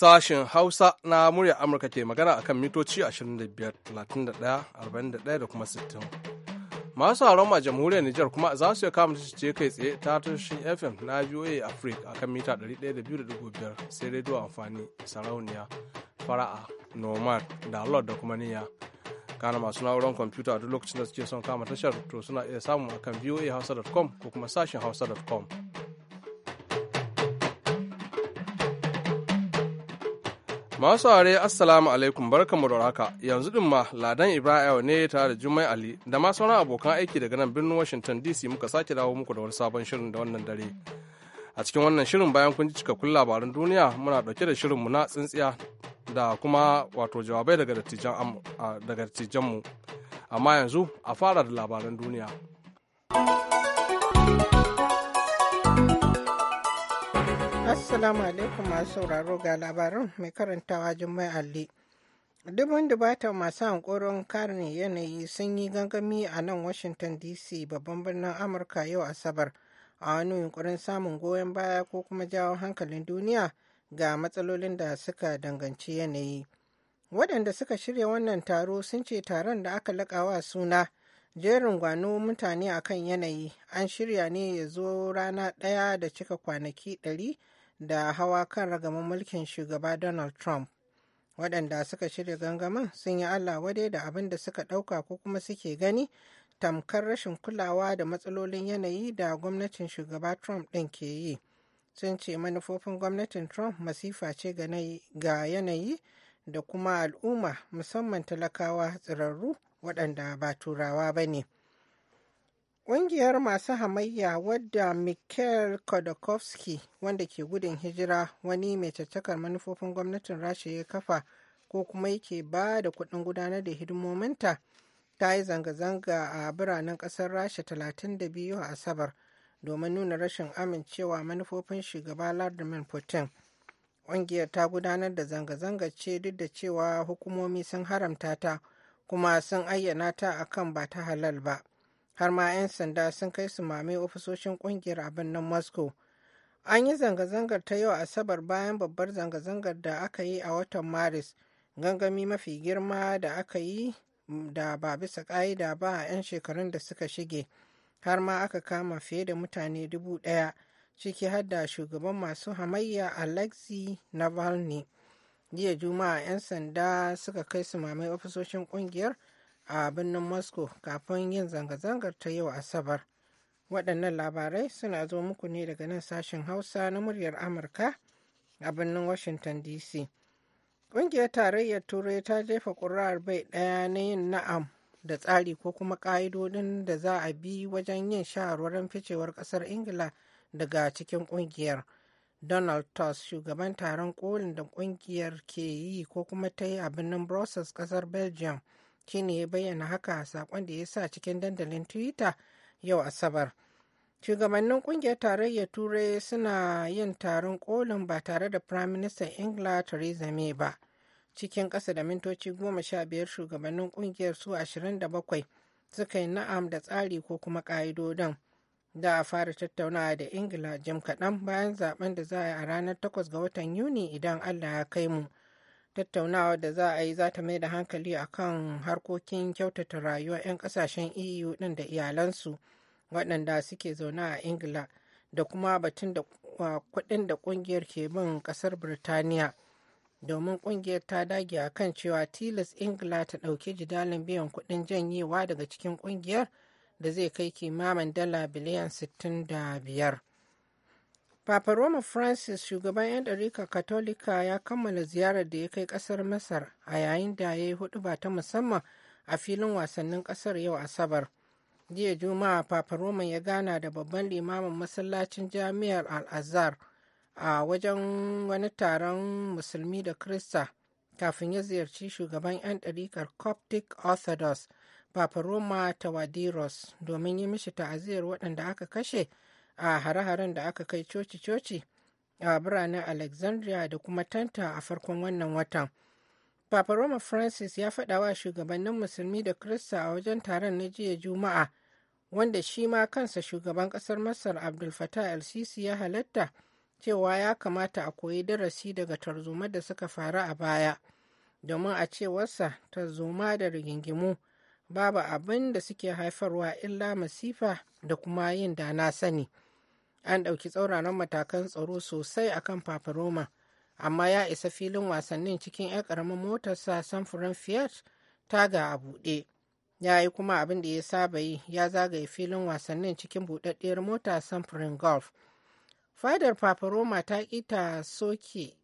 sashen Hausa na murya Amurka ke magana akan mitoci 25,31,41 da kuma 60. Masu haron jamhuriyar Nijar kuma za su iya kama ce kai tsaye ta tashin FM na VOA Africa akan mita 102.5 sai rediyo amfani sarauniya fara'a nomad da lord da kuma niyya kana masu na'urar kwamfuta duk lokacin da suke son kama tashar to suna iya samu akan voahausa.com ko kuma sashen hausa.com Masu are Assalamu alaikum barkamu da haka yanzu din ma Ladan Ibrahim ne tare da Jummai Ali da ma sauran abokan aiki daga nan birnin Washington DC muka sake dawo muku da wani sabon shirin da wannan dare. A cikin wannan shirin bayan kun ji cikakkun labaran duniya muna dauke da shirinmu na tsintsiya da kuma wato jawabai daga dattijan mu. Amma yanzu a fara da labaran duniya. Assalamu alaikum masu sauraro ga labarin mai karantawa Jummai Alli. Dubin dubata masu hankoron karin yanayi sun yi gangami a nan Washington DC babban birnin Amurka yau Asabar a wani yunkurin samun goyon baya ko kuma jawo hankalin duniya ga matsalolin da suka danganci yanayi. Waɗanda suka shirya wannan taro sun ce taron da aka wa suna jerin gwano mutane akan yanayi an shirya ne ya zo rana ɗaya da cika kwanaki ɗari da hawa kan ragaman mulkin shugaba Donald Trump. Waɗanda suka shirya gangamin sun yi Allah wadai da abin da suka ɗauka ko kuma suke gani tamkar rashin kulawa da matsalolin yanayi da gwamnatin shugaba Trump ɗin ke yi. Sun ce manufofin gwamnatin Trump masifa ce ga yanayi da kuma al'umma musamman talakawa tsirarru waɗanda ba turawa ba ne. Ƙungiyar masu hamayya wadda Mikhail Khodorkovsky wanda ke gudun hijira wani mai tattakar manufofin gwamnatin Rasha ya kafa ko kuma yake ba da kuɗin gudanar da hidimominta ta yi zanga-zanga a biranen ƙasar Rasha 32 a Asabar domin nuna rashin amincewa manufofin shugaba Vladimir Putin. Ƙungiyar ta gudanar da zanga-zanga ce duk da cewa hukumomi sun haramta ta kuma sun ayyana ta akan ba ta halal ba. har ma 'yan sanda sun kai su mame ofisoshin kungiyar a birnin moscow an yi zanga-zangar ta yau asabar bayan babbar zanga-zangar da aka yi a watan maris gangami mafi girma da aka yi mm, da ba bisa ƙa'ida ba a 'yan shekarun da suka shige har ma aka kama fiye da mutane dubu ɗaya ciki har da shugaban masu hamayya alexi navalny jiya juma'a 'yan sanda suka kai su ofisoshin kungiyar a birnin moscow kafin yin zanga-zangar ta yau asabar waɗannan labarai suna zo muku ne daga nan sashen hausa na muryar amurka a birnin washington dc ƙungiyar tarayyar turai ta jefa ƙuri'ar bai ɗaya na yin na'am da tsari ko kuma ƙa'idodin da za a bi wajen yin shawarwarin ficewar ƙasar ingila daga cikin ƙungiyar donald tusk shugaban taron kolin da ƙungiyar ke yi ko kuma ta yi a birnin brussels ƙasar belgium shine ya bayyana haka a saƙon da ya sa cikin dandalin twitter yau asabar shugabannin ƙungiyar tarayyar turai suna yin taron kolin ba tare da prime firaministan ingila theresa may ba cikin ƙasa da mintoci goma sha biyar shugabannin ƙungiyar su ashirin da bakwai suka yi na'am da tsari ko kuma ƙa'idodin da a fara tattaunawa da ingila jim kaɗan bayan zaben da za a yi a ranar 8 ga watan yuni idan allah ya kai mu tattaunawa da za a yi za ta mai da hankali a kan harkokin kyautata rayuwa 'yan kasashen eu din da iyalansu waɗanda suke zaune a ingila da kuma batun da kuɗin da ƙungiyar ke bin ƙasar birtaniya domin ƙungiyar ta dage a kan cewa tilas ingila ta ɗauki jidalin biyan kuɗin janyewa daga cikin ƙungiyar da zai kai kimamin dala biliyan 65 Papa Roma Francis shugaban 'yan ɗarika Katolika ya kammala ziyarar da ya kai ƙasar Masar a yayin da ya yi ba ta musamman a filin wasannin ƙasar yau Asabar. Jiya Juma'a Papa Roma ya gana da babban limamin masallacin jami'ar Al-Azhar a wajen wani taron musulmi da Krista kafin ya ziyarci shugaban 'yan ɗarikar Coptic Orthodox Papa Roma Tawadiros domin yi mishi ta'aziyar waɗanda aka kashe. a hare-haren da aka kai coci-coci a biranen alexandria da kuma tanta a farkon wannan watan papa roma francis ya faɗa wa shugabannin musulmi da krista a wajen taron na jiya juma'a wanda shi ma kansa shugaban ƙasar masar abdul fatah el sisi ya halatta cewa ya kamata a koyi darasi daga tarzoma da suka faru a baya domin a cewarsa tarzoma da rigingimu babu abin da suke haifarwa illa masifa da kuma yin dana na sani an ɗauki tsauraran matakan tsaro sosai a kan fafaroma amma ya isa filin wasannin cikin 'yan ƙaramin motarsa samfurin fiat taga a buɗe ya yi kuma abin da ya saba yi ya zagaye filin wasannin cikin buɗaɗɗiyar mota samfurin golf fadar paparoma ta ƙita soke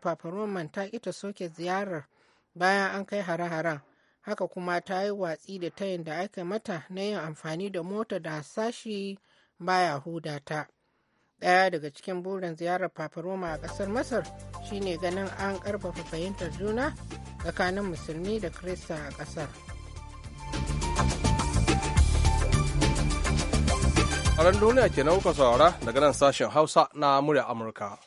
fafaroman ta ƙita soke ziyarar bayan an kai hare-haren haka kuma ta yi watsi da tayin da aka mata na yin amfani da mota da sashi baya huda ta ɗaya daga cikin burin ziyarar Roma a ƙasar masar shine ganin an ƙarfafa fahimtar juna tsakanin musulmi da kirista a ƙasar aron duniya ke nauka kuka saurara daga nan sashen Hausa na murya Amurka.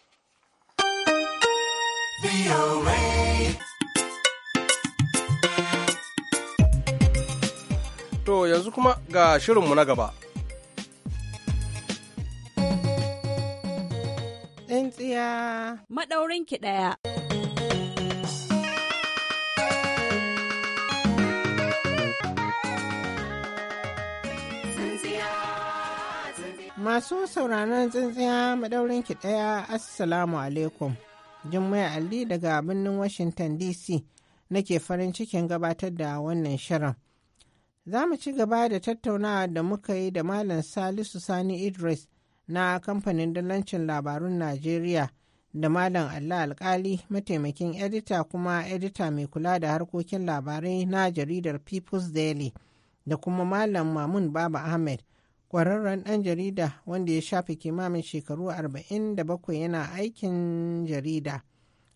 To yanzu kuma ga shirinmu na gaba. 'yan tsiya maɗaurin ki ɗaya. Masu sauraron tsintsiya madaurin ki ɗaya Assalamu alaikum. Jummai Ali daga birnin Washington DC nake farin cikin gabatar da wannan shirin. Za mu ci gaba da tattaunawa da muka yi da Malam Salisu Sani Idris na kamfanin dalancin labarun Najeriya da Malam Allah Alkali mataimakin edita kuma edita mai kula da harkokin labarai na jaridar People's Daily da kuma Malam Mamun Baba Ahmed Kwararren ɗan jarida wanda ya shafi kimamin shekaru 47 yana aikin jarida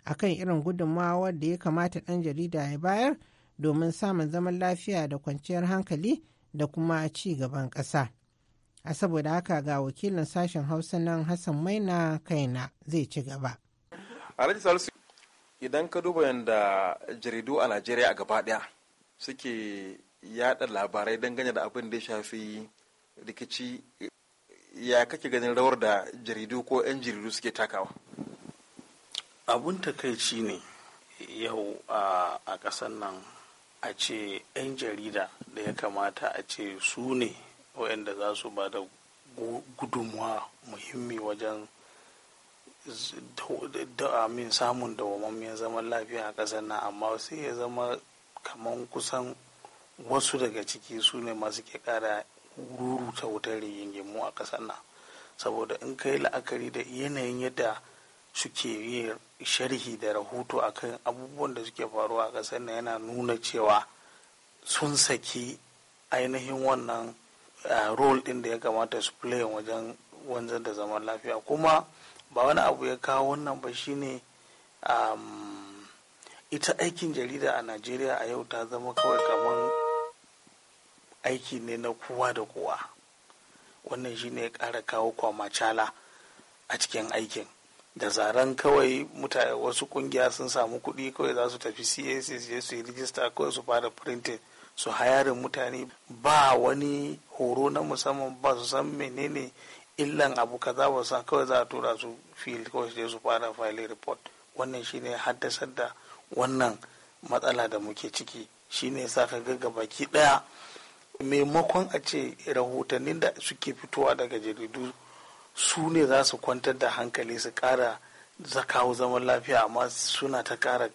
a kan irin gudunmawar da ya kamata ɗan jarida ya bayar domin samun zaman lafiya da kwanciyar hankali da kuma ci gaban ƙasa. a saboda haka ga wakilin sashen hausa nan hassan maina kaina zai ci gaba salisu idan ka duba yadda jaridu a najeriya a gaba daya suke yada labarai dangane da abin da ya shafi rikici ya kake ganin rawar da jaridu ko 'yan jaridu suke takawa abun takaici ne yau a kasan nan a ce 'yan jarida da ya kamata a ce su ne waɗanda za su ba da gudunmuwa muhimmi wajen da'amin samun dawamammiyar zaman lafiya a ƙasar nan amma sai ya zama kamar kusan wasu daga ciki su ne masu ke ƙara ruruta wutar rigingimu a ƙasar nan saboda in ka yi la'akari da yanayin yadda suke yin sharhi da rahoto a kan abubuwan da suke faruwa a ƙasar nan yana nuna cewa sun saki ainihin wannan Uh, role din da ya kamata su play wajen wanzar da zaman lafiya kuma ba wani abu ya kawo wannan ba shine um, ita aikin jarida a najeriya a yau ta zama kawai kamar aiki ne na kowa da kowa wannan shine ya kara kawo kwamachala a cikin aikin da zaren kawai mutane wasu kungiya sun samu kuɗi kawai za su tafi cac su je su yi rijista kawai su fara printing su hayarin mutane ba wani horo na musamman ba su san menene illan abu kaza ba san kawai za a tura su fil kawai sai su fara file report wannan shine haddasar da wannan matsala da muke ciki shine sa ka ga baki daya maimakon a ce rahotannin da suke fitowa daga jaridu su ne za su kwantar da hankali su kara za kawo zaman lafiya amma suna ta kara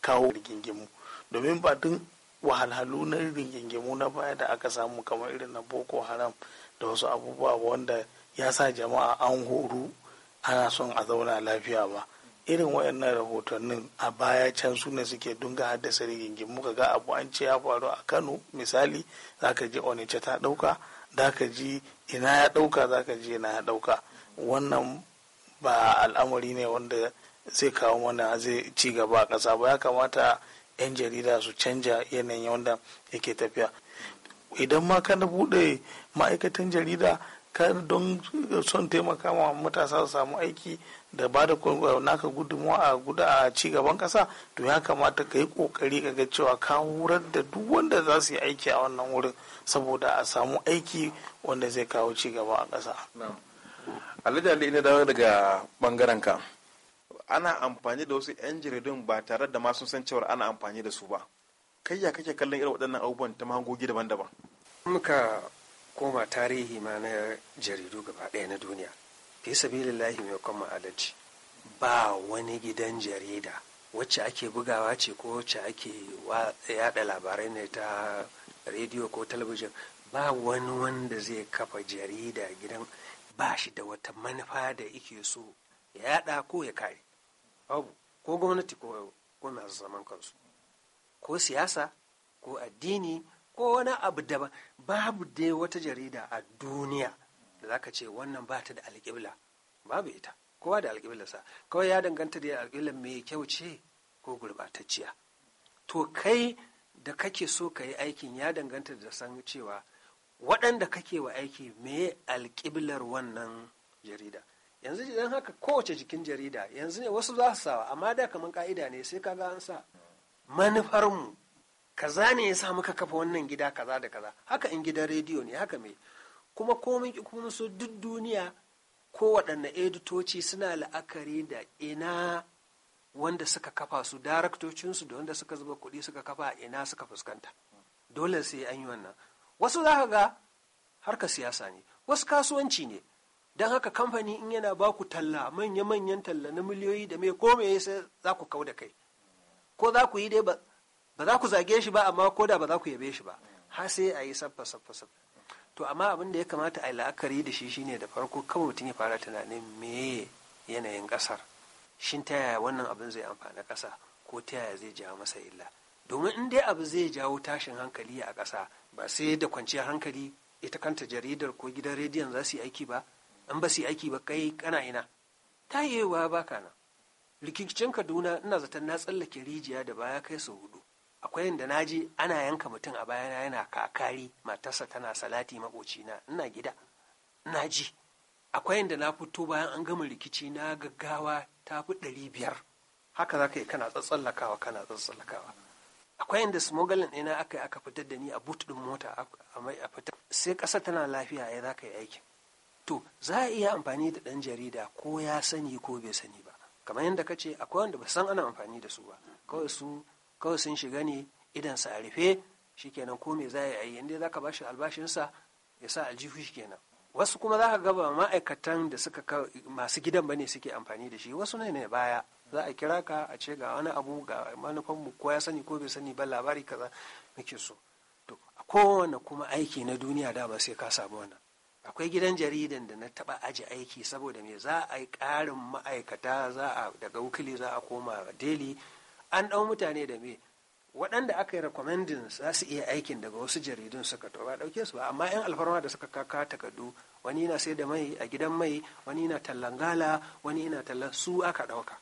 kawo rigingimu domin ba tun. wahalhalu na rigingimu na baya da aka samu kamar irin na boko haram da wasu abubuwa wanda ya sa jama'a an horu ana son a zauna lafiya ba irin wayannan rahotannin a baya can su ne suke dunga haddasa rigingimu kaga ga abu an ce ya faru a kano misali zaka ji onice ta dauka zaka ji ina ya dauka zaka ji ina ya dauka wannan ba al'amari ne wanda zai kawo mana zai ci gaba a ƙasa ba ya kamata 'yan jarida su canja yanayin wanda yake tafiya idan ma ka na bude ma'aikatan jarida ka don son taimaka ma matasa su samu aiki da ba da eh, naka gudunmuwa a guda a ci kasa to ya kamata ka yi kokari ka ga cewa ka wurar da duk wanda za su yi aiki a wannan wurin saboda a samu aiki wanda zai kawo ci gaba a kasa. Alhaji Ali ina dawo daga bangaren ka. ana amfani da wasu 'yan jaridun ba tare da masu san cewar ana amfani da su ba kai ya kake kallon irin waɗannan abubuwan ta mahangogi daban-daban muka koma tarihi ma na jaridu gaba ɗaya na duniya fi sabilillahi mai kwan ma'adalci ba wani gidan jarida wacce ake bugawa ce ko wacce ake yada labarai ne ta rediyo ko talabijin ba wani wanda zai kafa jarida gidan ba shi da wata manufa da yake so ya yada ko ya kare babu ko gwamnati ko masu zaman kansu ko siyasa ko addini ko wani abu daban babu dai wata jarida a duniya da zaka ce wannan ba ta da alƙibla babu ita kowa da alƙiblarsa kawai ya danganta da alƙiblar mai kyau ce ko gurbatacciya to kai da kake so ka yi aikin ya danganta da san cewa waɗanda kake wa aiki me alƙiblar wannan jarida yanzu idan haka kowace jikin jarida yanzu ne wasu za su sawa amma da kamar ka'ida ne sai kaga an sa manufarmu kaza ne ya sa muka kafa wannan gida kaza da kaza haka in gidan rediyo ne haka mai kuma komin ki kuma so duk duniya ko waɗanne editoci suna la'akari da ina wanda suka kafa su daraktocinsu da wanda suka zuba kuɗi suka kafa a ina suka fuskanta dole sai an yi wannan wasu za ka ga harka siyasa ne wasu kasuwanci ne don haka kamfani in yana ba ku talla manya-manyan talla na miliyoyi da mai ko mai sai za ku kau da kai ko za ku yi dai ba za ku zage shi ba amma ko da ba za ku yabe shi ba ha sai a yi saffa saffa to amma abin da ya kamata a yi la'akari da shi shine da farko kawai mutum ya fara tunanin me yanayin kasar shin ta yaya wannan abin zai amfana kasa ko ta yaya zai jawo masa illa domin in dai abu zai jawo tashin hankali a kasa ba sai da kwanciyar hankali ita kanta jaridar ko gidan rediyon za su yi aiki ba in ba su aiki ba kai kana ina ta yi yawa, ba ka na. rikicin kaduna ina zaton na tsallake rijiya da baya kai sau hudu akwai yadda na je ana yanka mutum a bayana yana kakari matarsa tana salati na ina gida na ji akwai yadda na fito bayan an gama rikici na gaggawa ta fi ɗari biyar haka za ka yi kana tsatsallakawa kana tsatsallakawa akwai yadda smuggling ɗina aka yi aka fitar da ni a but ɗin mota a fitar sai ƙasa tana lafiya ya za ka yi aikin to za a iya amfani da ɗan jarida ko ya sani ko bai sani ba kamar yadda ka ce akwai wanda ba san ana amfani da su ba kawai su kawai sun shiga ne idan sa a rufe shikenan ko me za a yi inda za ka bashi albashinsa ya sa aljihu shikenan wasu kuma za ka gaba ma'aikatan da suka masu gidan ba ne suke amfani da shi wasu ne baya za a kira ka a ce ga wani abu ga manufan mu ko ya sani ko bai sani ba labari kaza muke so to a kowane kuma aiki na duniya dama sai ka samu wannan akwai gidan jaridan da na taba aji aiki saboda me za a yi karin ma'aikata za a daga wukili za a koma daily an ɗau mutane da me waɗanda aka yi recommending za su iya aikin daga wasu jaridun suka to ba ɗauke su ba amma yan alfarma da suka kaka takardu wani yana sai da mai a gidan mai wani yana tallan gala wani yana tallan su aka ɗauka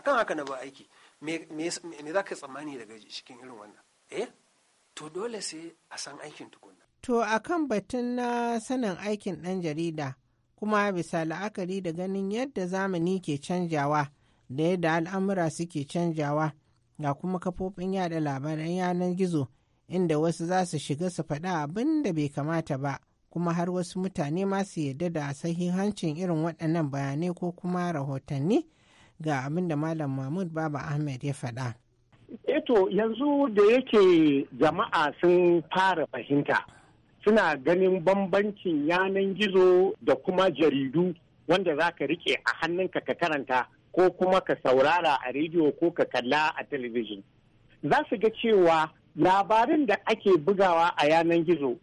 akan haka na ba aiki me za ka tsammani daga cikin irin wannan eh to dole sai a san aikin tukunna To a kan batun na sanin aikin ɗan jarida kuma bisa la'akari da ganin yadda zamani ke canjawa da yadda al'amura suke canjawa ga kuma kafofin yada labaran yanar gizo inda wasu za su shiga su faɗa abin da bai kamata ba kuma har wasu mutane ma su yarda da sahihancin irin waɗannan bayanai ko kuma rahotanni ga abin da malam mahmud baba ahmed ya faɗa. eto eh yanzu da yake jama'a sun fara fahimta suna ganin bambancin yanan gizo da kuma jaridu wanda za ka rike a hannunka ka karanta ko kuma ka saurara a rediyo ko ka kalla a talabijin. Za su ga cewa labarin da ake bugawa a yanan gizo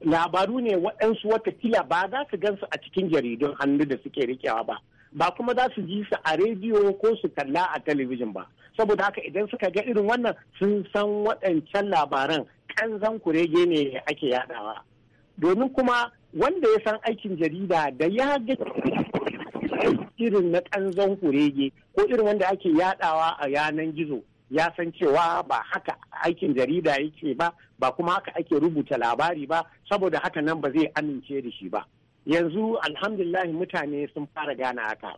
labaru ne waɗansu watakila ba za su gansu a cikin jaridun hannu da suke rikewa ba. Ba kuma za su ji su a rediyo ko su kalla a talabijin ba. Saboda haka idan suka ga irin wannan sun san waɗancan labaran ƙanzan kurege ne ake yadawa domin kuma wanda ya san aikin jarida da ya ga irin na ƙanzan kurege ko irin wanda ake yadawa a yanan gizo ya san cewa ba haka aikin jarida yake ba ba kuma haka ake rubuta labari ba saboda haka nan ba zai amince da shi ba yanzu alhamdulillahi mutane sun fara gane haka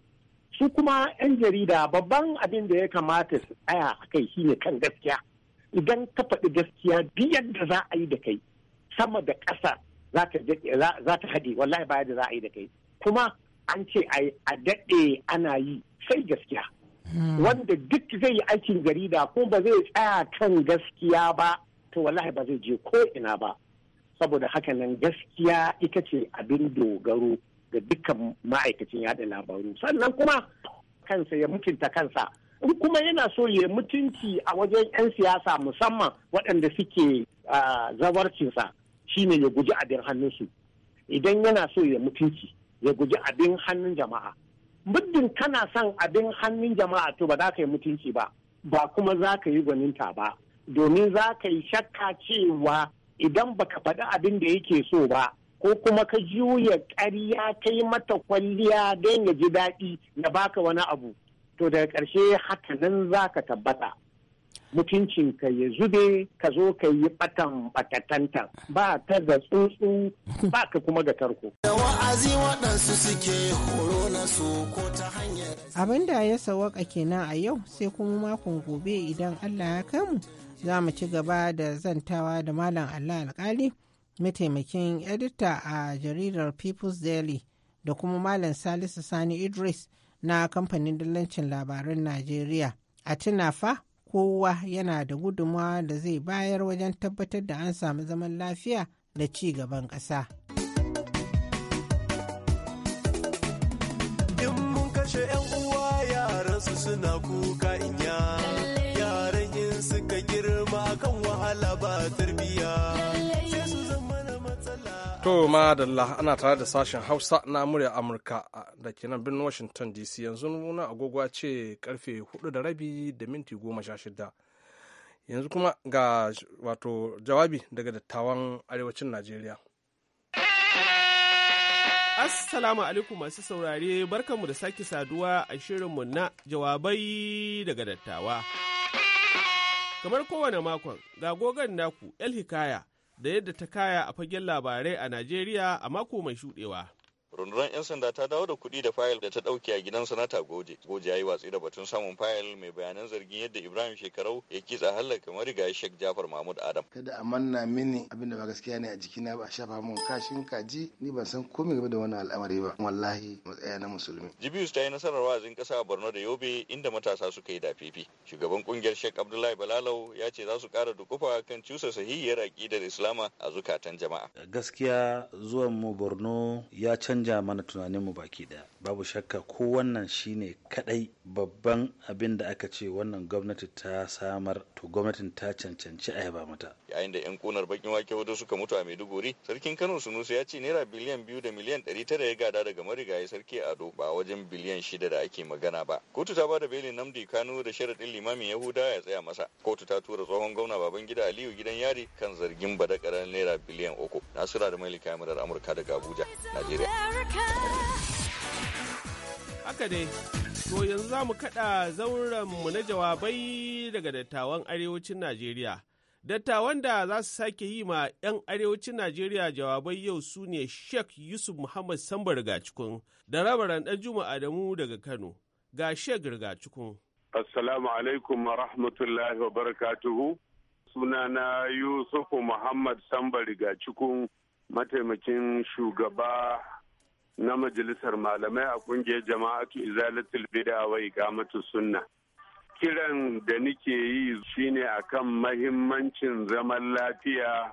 su kuma 'yan jarida babban abin da ya kamata su tsaya kai shine kan gaskiya idan ka faɗi gaskiya biyan da za a yi da kai sama da ƙasa za ta haɗe wallahi baya da za a yi da kai kuma an ce a daɗe ana yi sai gaskiya hmm. wanda duk zai yi aikin jarida ko ba zai tsaya kan gaskiya ba to wallahi ba zai je ko ina ba saboda haka nan gaskiya ita ce abin dogaro ga dukkan ma'aikacin yada labaru sannan kuma kansa ya mutunta kansa in kuma yana so ya mutunci a wajen 'yan siyasa musamman waɗanda suke zawarcinsa shine ya guji abin hannunsu idan yana so ya mutunci ya guji abin hannun jama'a muddin kana son abin hannun jama'a to ba za ka yi mutunci ba ba kuma za ka yi gwaninta ba domin za ka yi shakka cewa idan ba ka faɗi abin da yake so ba ko kuma ka juya ƙarya yi mata kwalliya don ya ji daɗi na baka wani abu to daga ƙarshe haka nan za ka tabbata mutuncinka ya zube ka zo ka yi batan batatantan ba ta ga tsuntsu ba ka kuma ga tarko. Abin da ya sawaka kenan a yau sai kuma makon gobe idan Allah ya kamu za mu ci gaba da zantawa da Malam Allah alkali mataimakin edita a jaridar People's Daily da kuma Malam Salisu Sani Idris. na kamfanin dalancin labaran Najeriya. A tuna fa kowa yana da gudunmawa da zai bayar wajen tabbatar da an samu zaman lafiya da ci gaban ƙasa. To Allah ana tare da sashen Hausa na murya Amurka da ke nan birnin Washington DC yanzu na agogwa ce karfe 4 da rabi da minti 16. Yanzu kuma ga wato jawabi daga dattawan arewacin Najeriya. Assalamu alaikum masu saurare barkanmu da sake saduwa a mu na jawabai daga dattawa. Kamar kowane makon ga gogan naku El Hikaya da yadda ta kaya a fagen labarai a Najeriya a mako mai shuɗewa. rundunar 'yan sanda ta dawo da kuɗi da fayil da ta ɗauke a gidan sanata goje goje ya yi watsi da batun samun fayil mai bayanan zargin yadda ibrahim shekarau ya kitsa halaka marigayi shek jafar mahmud adam kada a manna mini abin da ba gaskiya ne a jikina ba a shafa mun kashin kaji ni ban san komai game da wannan al'amari ba wallahi matsaya na musulmi jibius ta yi nasarar wa'azin ƙasa a borno da yobe inda matasa suka yi dafifi shugaban kungiyar shek abdullahi balalau ya ce za su ƙara dukufa kan cusa sahihiyar aƙidar islama a zukatan jama'a gaskiya zuwan mu borno ya canza canja mana tunaninmu baki daya babu shakka ko wannan shine Kaɗai babban abin da aka ce wannan gwamnati ta samar to gwamnatin ta cancanci a yaba mata yayin da yan kunar bakin wake wato suka mutu a maiduguri sarkin kano sunusu ya ce naira biliyan biyu da miliyan ɗari tara ya gada daga marigayi sarki ado ba wajen biliyan shida da ake magana ba kotu ta bada belin namdi kano da sharaɗin limamin yahuda ya tsaya masa kotu ta tura tsohon gwamna baban gida aliyu gidan yari kan zargin badakarar naira biliyan uku nasura da mailika kamarar amurka daga abuja najeriya haka To yanzu za mu kaɗa zaurenmu na jawabai daga dattawan arewacin Najeriya. Dattawan da za su sake yi ma 'yan arewacin Najeriya jawabai yau su ne Sheikh Yusuf Muhammad Sambar Rigacikun da rabaran ɗan Juma Adamu daga Kano. Ga Sheikh Rigacikun. Assalamu alaikum wa rahmatullahi wa barakatuhu. Sunana Yusuf Muhammad Sambar cikin mataimakin shugaba na majalisar malamai a kungiyar jama'atu izalatul bid'a wa iqamatu sunna kiran da nike yi shine akan mahimmancin zaman lafiya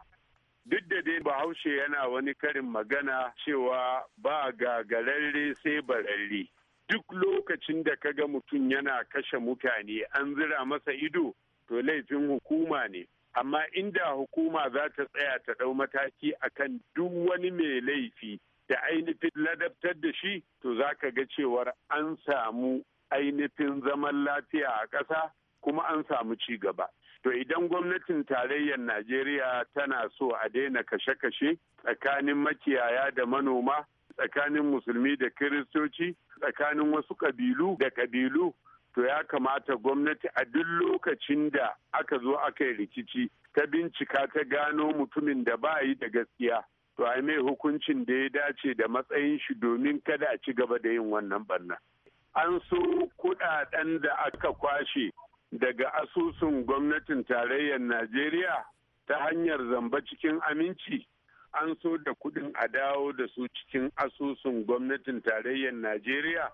duk da dai bahaushe yana wani karin magana cewa ba gagararre sai bararre duk lokacin da kaga mutum yana kashe mutane an zira masa ido to laifin hukuma ne amma inda hukuma za ta tsaya ta ɗau mataki akan duk wani mai laifi da ainihin ladabtar da shi to za ka ga cewar an samu ainihin zaman lafiya a ƙasa kuma an samu ci gaba. To idan gwamnatin tarayyar Najeriya tana so a daina kashe-kashe tsakanin makiyaya da manoma, tsakanin musulmi da kiristoci, tsakanin wasu ƙabilu da ƙabilu, to ya kamata gwamnati a duk lokacin da aka zo aka yi rikici ta bincika ta gano mutumin da ba yi da gaskiya. to ai mai hukuncin da ya dace da matsayin shi domin kada a ci gaba da yin wannan barna an so kudaden da aka kwashe daga asusun gwamnatin tarayyar najeriya ta hanyar zamba cikin aminci an so da kudin a dawo da su cikin asusun gwamnatin tarayyar najeriya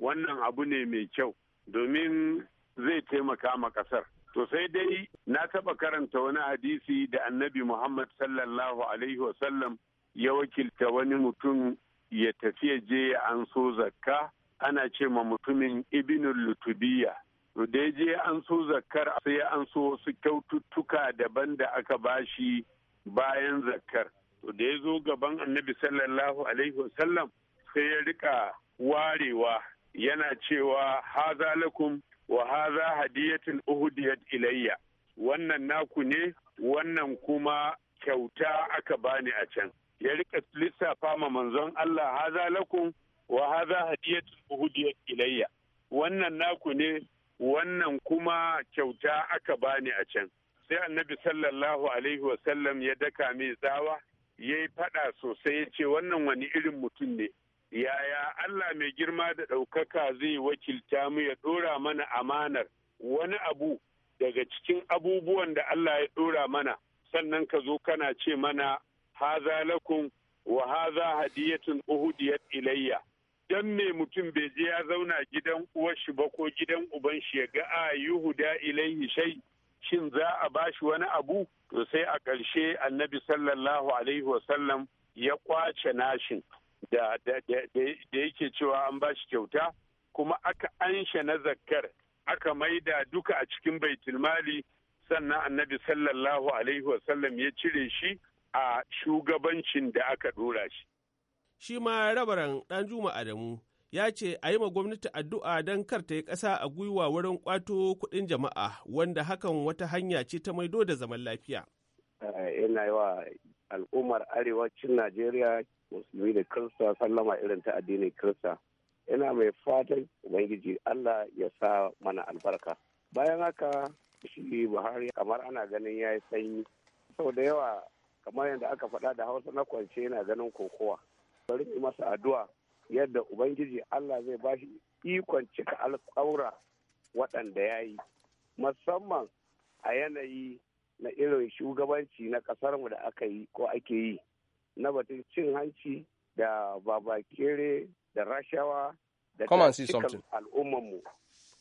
wannan abu ne mai kyau domin zai taimaka ma kasar To sai dai na taɓa karanta wani hadisi da annabi Muhammad sallallahu Alaihi wasallam ya wakilta wani mutum ya tafi je ya an so zakka ana ce ma mutumin ibinul lutubiya. To dai je an so zakkar sai an so wasu kyaututtuka daban da aka bashi bayan zakkar. To da ya zo gaban annabi sallallahu Alaihi wasallam sai ya riƙa warewa yana cewa haza lakum Wahaza, hadha hadiyatin uhudiyat ilayya wannan naku ne wannan kuma kyauta aka bani a can ya rika lissafa ma manzon Allah haza lakum wa haza hadiyatul uhudiyat ilayya wannan naku ne wannan kuma kyauta aka bani a can sai annabi sallallahu alaihi wa sallam ya daka mai tsawa ya faɗa fada sosai ya ce wannan wani irin mutum ne yaya Allah mai girma da ɗaukaka zai wakilta mu ya ɗora mana amanar wani abu daga cikin abubuwan da Allah ya ɗora mana sannan ka zo kana ce mana haza lakum wa haza hadiyatun uhudiyat ilayya dan me mutum bai je ya zauna gidan uwar shi ba ko gidan uban shi ya ga a da ilayhi shay shin za a bashi wani abu to sai a ƙarshe annabi sallallahu alaihi wasallam ya kwace nashin da yake cewa an ba shi kyauta kuma aka ansha na zakkar aka maida duka a cikin baitulmali sannan annabi sallallahu alaihi wasallam ya cire shi a shugabancin da aka dora shi. Shi ma rabaran ɗanjuma Juma Adamu ya ce a yi ma gwamnati addu'a don kar ta yi ƙasa a gwiwa wurin ƙwato kuɗin jama'a wanda hakan wata hanya ce ta maido da zaman lafiya. Eh, ina yi wa al'ummar arewacin Najeriya musulmi da kirista sallama irin ta addinin kirista ina mai fatan ubangiji allah ya sa mana albarka bayan haka shi buhari kamar ana ganin ya yi sanyi sau da yawa kamar yadda aka faɗa da hausa na kwance yana ganin kokowa bari yi masa addu'a yadda ubangiji allah zai ba shi ikon cika alƙawura waɗanda ya yi musamman a yanayi na irin shugabanci na ƙasarmu da aka yi ko ake yi na batun cin hanci da babakere da rashawa da cikin al'ummanmu.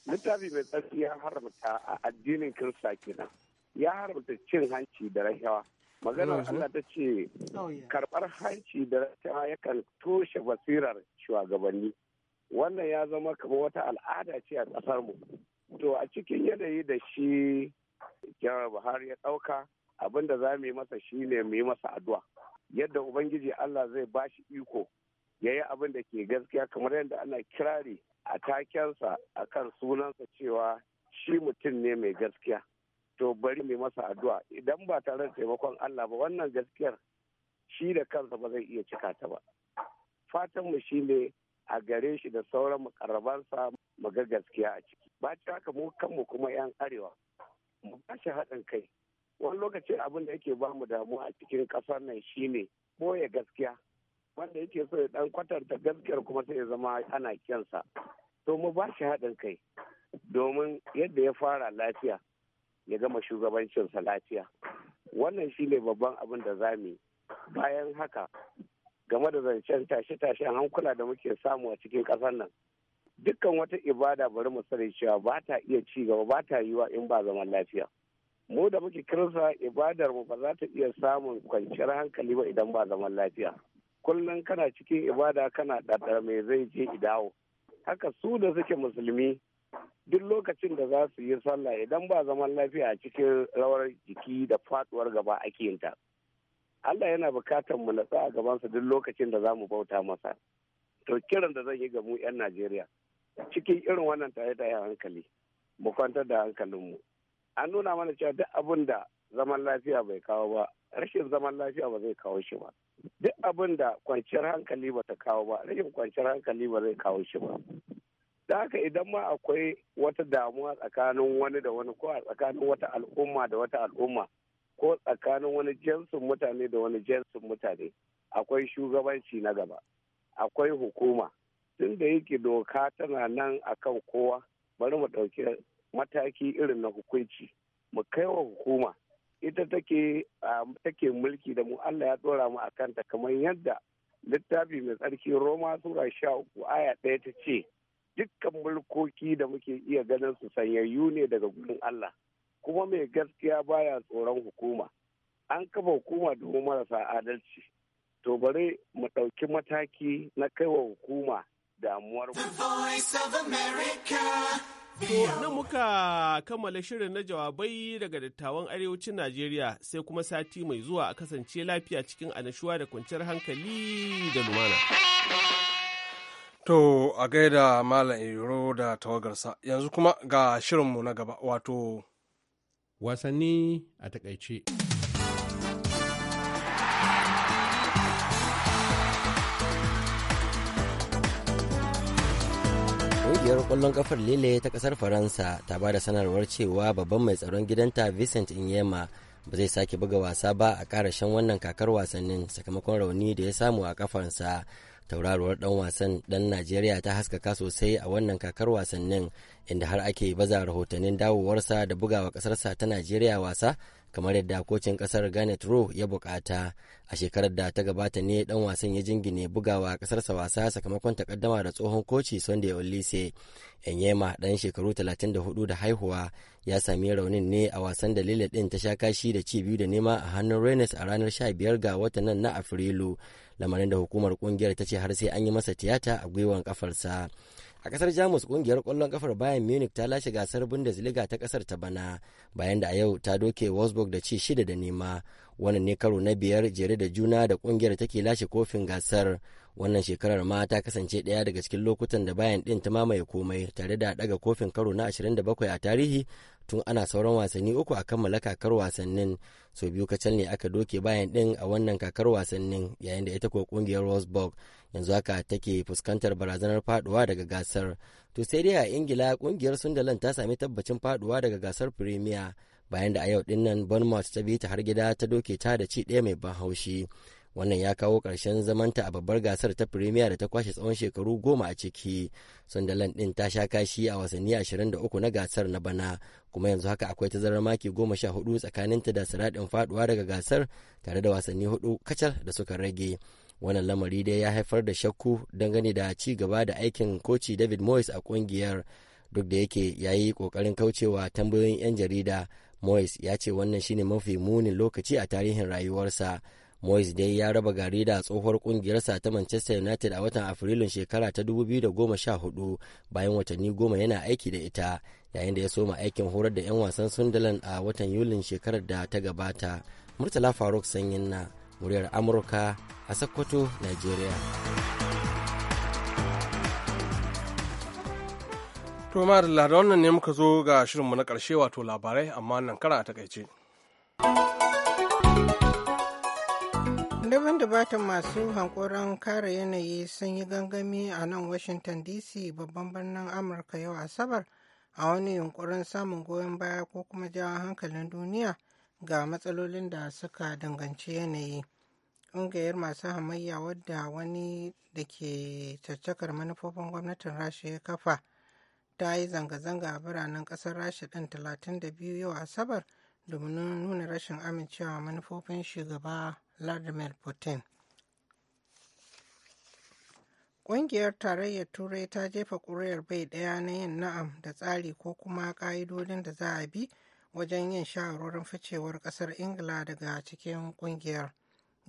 Littafi mai tsarki ya haramta a addinin Kirista kenan. Ya haramta cin hanci da rashawa. Maganar mm-hmm. Allah ta ce oh, karɓar hanci da rashawa yakan toshe basirar shugabanni. Wannan ya zama kamar wata al'ada ce a mu. To a cikin yanayi da shi Jihar Buhari ya ɗauka abin da za mu yi masa shine mu yi masa addu'a. yadda ubangiji allah zai ba shi iko ya yi abin da ke gaskiya kamar yadda ana kirari a takensa a kan sunansa cewa shi mutum ne mai gaskiya to bari mai masa addu'a idan ba tare da taimakon allah ba wannan gaskiyar shi da kansa ba zai iya cika ta ba fatanmu shi ne a gare shi da sauran makarabansa mu gaskiya a ciki ba haka mu kanmu kuma 'yan arewa mu ba shi haɗin kai wani lokacin abin da yake ba mu damuwa a cikin kasar nan shine boye gaskiya wanda yake so ya dan kwatanta gaskiyar kuma sai ya zama ana kyansa to mu ba shi haɗin kai domin yadda ya fara lafiya ya gama shugabancinsa lafiya wannan shine babban abin da za mu bayan haka game da zancen tashe-tashen hankula da muke samu a cikin ƙasar nan dukkan wata ibada bari mu sani cewa ba ta iya ci gaba ba ta yiwa in ba zaman lafiya mu da muke kirsa ibadar mu ba za ta iya samun kwanciyar hankali ba idan ba zaman lafiya kullum kana cikin ibada kana ɗaɗɗar mai zai je idawo haka su da suke musulmi duk lokacin da za su yi sallah idan ba zaman lafiya a cikin rawar jiki da faduwar gaba ake yin ta Allah yana bukatar mu natsa a gabansa duk lokacin da za mu bauta masa to kiran da zan yi ga mu 'yan Najeriya cikin irin wannan tare da hankali mu kwantar da hankalinmu an nuna mana cewa duk abin da zaman lafiya bai kawo ba rashin zaman lafiya ba zai kawo shi ba duk abin da kwanciyar hankali ba ta kawo ba rashin kwanciyar hankali ba zai kawo shi ba da haka idan ma akwai wata damuwa tsakanin wani da wani ko a tsakanin wata al'umma da wata al'umma ko tsakanin wani jinsin mutane da wani jinsin mutane akwai shugabanci na gaba akwai hukuma tun da yake doka tana nan akan kowa bari mu ɗauki mataki irin na hukunci mu kai wa hukuma ita take mulki da mu Allah ya tsora mu a kanta kamar yadda littafi mai tsarki Roma sura sha uku aya ɗaya ta ce dukkan mulkoki da muke iya ganin su sanyayyu ne daga gurin Allah kuma mai gaskiya baya tsoron hukuma an kafa hukuma domin marasa adalci to bare mu ɗauki mataki na kaiwa hukuma damuwar mu. To nan muka kammala shirin na jawabai daga dattawan arewacin Najeriya sai kuma sati mai zuwa a kasance lafiya cikin anashuwa da kwanciyar hankali da lumana. To a gaida Malam Iro da tawagarsa yanzu kuma ga shirinmu na gaba wato. Wasanni a takaice. Ƙungiyar ƙwallon kafar Lille ta ƙasar Faransa ta ba da sanarwar cewa babban mai tsaron gidanta Vincent Inyema ba zai sake buga wasa ba a ƙarashen wannan kakar wasannin sakamakon rauni da ya samu a kafarsa. tauraruwar dan wasan dan najeriya ta haskaka sosai a wannan kakar wasannin inda har ake baza rahotannin dawowarsa da bugawa kasarsa ta najeriya wasa kamar yadda kocin kasar garnet rowe ya bukata a shekarar da ta gabata ne dan wasan ya jingine bugawa kasarsa wasa sakamakon takaddama da tsohon koci sunday olise enyema dan shekaru 34 da haihuwa ya sami raunin ne a wasan da din ta sha kashi da ci biyu da nema a hannun renes a ranar 15 ga watan nan na afrilu lamarin da hukumar kungiyar ta ce har sai an yi masa tiyata a gwiwan kafarsa a kasar jamus kungiyar kwallon kafar bayan munich ta lashe gasar bundesliga ta kasar ta bana bayan da a yau ta doke wolfsburg da ci shida da nema wannan ne karo na biyar jere da juna da kungiyar take lashe kofin gasar wannan shekarar ma ta kasance ɗaya daga cikin lokutan da bayan ɗin ta mamaye komai tare da ɗaga kofin karo na 27 a tarihi tun ana sauran wasanni uku a kammala kakar wasannin sau biyu kacal ne aka doke bayan ɗin a wannan kakar wasannin yayin da ita ko kungiyar rosberg yanzu haka take fuskantar barazanar faduwa daga gasar to sai dai a ingila ƙungiyar sundalan ta sami tabbacin faduwa daga gasar premier bayan da a yau nan bournemouth ta bi ta har gida ta doke ta da ci ɗaya mai ban haushi wannan ya kawo ƙarshen zamanta a babbar gasar ta firimiya da ta kwashe tsawon shekaru goma a ciki sunderland ɗin ta sha kashi a wasanni 23 na gasar na bana kuma yanzu haka akwai tazarar maki goma sha hudu tsakaninta da siraɗin faduwa daga gasar tare da wasanni hudu kacal da suka rage wannan lamari dai ya haifar da shakku dangane da ci gaba da aikin koci david moyes a kungiyar duk da yake ya yi kokarin kaucewa tambayoyin 'yan jarida moyes ya ce wannan shine mafi munin lokaci a tarihin rayuwarsa Moyes dai ya raba gari da tsohuwar kungiyarsa ta Manchester United a watan Afrilun shekara ta 2014 bayan watanni goma yana aiki da ita yayin da ya soma aikin horar da 'yan wasan Sunderland a watan Yulin shekarar da ta gabata. Murtala Faruk Sanyin na muryar Amurka a Sokoto, Nigeria. To da wannan ne muka zo ga shirinmu na karshe wato labarai amma nan kara a takaice. Daban dubatan masu hankoron kare yanayi sun yi gangami a nan Washington DC babban birnin Amurka yau Asabar a wani yunkurin samun goyon baya ko kuma jawo hankalin duniya ga matsalolin da suka danganci yanayi. Ƙungiyar masu hamayya wadda wani da ke caccakar manufofin gwamnatin Rasha ya kafa ta yi zanga-zanga a biranen ƙasar Rasha ɗin 32 yau Asabar domin nuna rashin amincewa manufofin shugaba vladimir putin Ƙungiyar Tarayyar Turai ta jefa ƙuri'ar bai ɗaya na yin na'am da tsari ko kuma ƙa'idodin da za a bi wajen yin shawarorin ficewar ƙasar Ingila daga cikin ƙungiyar.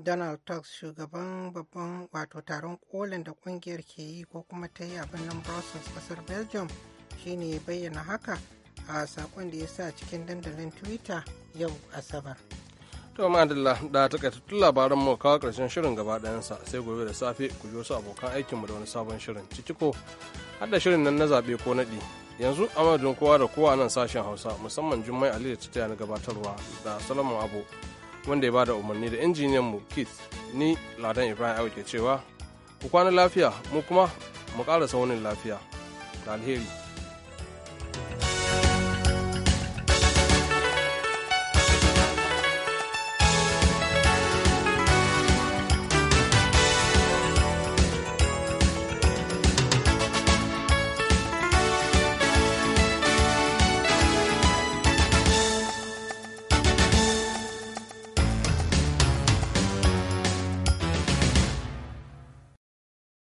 Donald Tusk shugaban babban wato taron ƙolin da ƙungiyar ke yi ko kuma ta yi a birnin Brussels ƙasar Belgium shine bayyana haka a saƙon da ya sa cikin dandalin Twitter yau Asabar. To madalla da takaitattun labaran mu kawo karshen shirin gaba sa sai gobe da safe ku ji wasu abokan aikinmu da wani sabon shirin ciki ko har shirin nan na zaɓe ko naɗi yanzu amadun kowa da kowa nan sashen hausa musamman jummai ali da ta na gabatarwa da solomon abu wanda ya ba da umarni da injiniyan mu kit ni ladan ibrahim ke cewa ku kwana lafiya mu kuma mu ƙara saunin lafiya da alheri